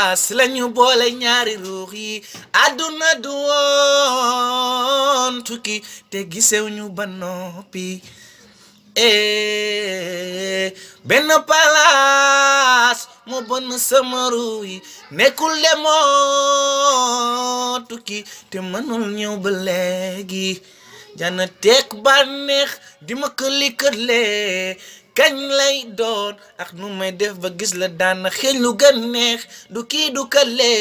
as lañu boole ñaari ruux yi àdduna du woon tukki te gisew ñu ba noppi eh benn palaas mu bon sama yi nekkul de moo te mënul ñëw ba léegi jana teeg bànneex di ma kañ lay doon ak nu may def ba gis la daan xëy lu gën neex du kii du kale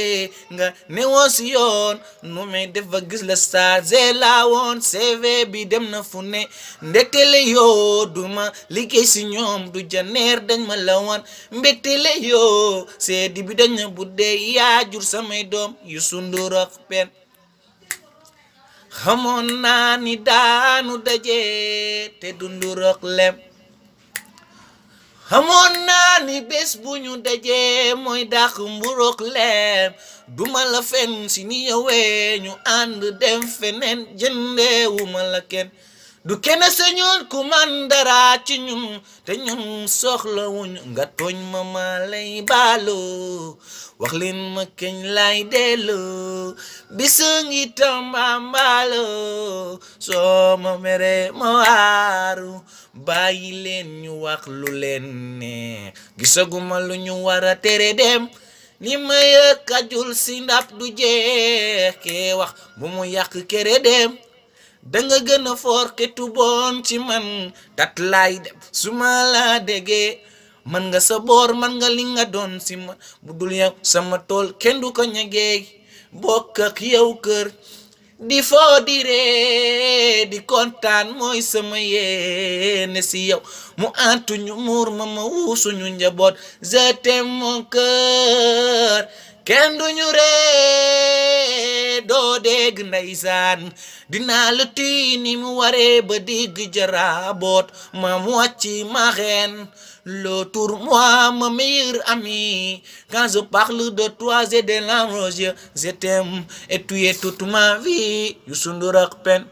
nga newoon si yoon nu may def ba gis la chargé laa woon CV bi dem na fu ne ndegtele yoo du ma liggéey si ñoom du janeer dañ ma la woon mbégtele yoo seedi bi dañ na bu dee yaa jur samay doom yu sundur ak xamoon naa ni daanu daje te dundu lem xamoon naa ni bés bu ñu dajee mooy dàq mburook leem duma la fen si ni yowee ñu ànd dem feneen jëndeewu la kenn du kenn sañoon ku man dara ci ñun te ñun soxlawuñ nga tooñ ma ma lay baaloo wax ma keñ lay delloo bisa ngi tambambaaloo soo ma mere ma waaru bàyyi leen ñu wax lu leen ne gisaguma lu ñu war a tere dem li ma yëg kajul si du jeex kee wax bu mu yàq kere dem danga gën foor xetu boon ci man tat lay def su ma laa déggee man nga sa boor man nga li nga doon si ma bu dul yow sama tool kenn du ko ñegee bokk yow kër di foo di ree di kontaan mooy sama yéene si yow mu antuñu muur ma ma wuusuñu njaboot je t'aime mon cœur kenn duñu ree léegi ndeysaan dinaa la ni mu waree ba digg jaraaboot ma mu wàcci maxeen L'autour, moi, ma meilleure amie. Quand je parle de toi, j'ai des larmes aux yeux. Je et tu es toute ma vie. Youssou Ndour ak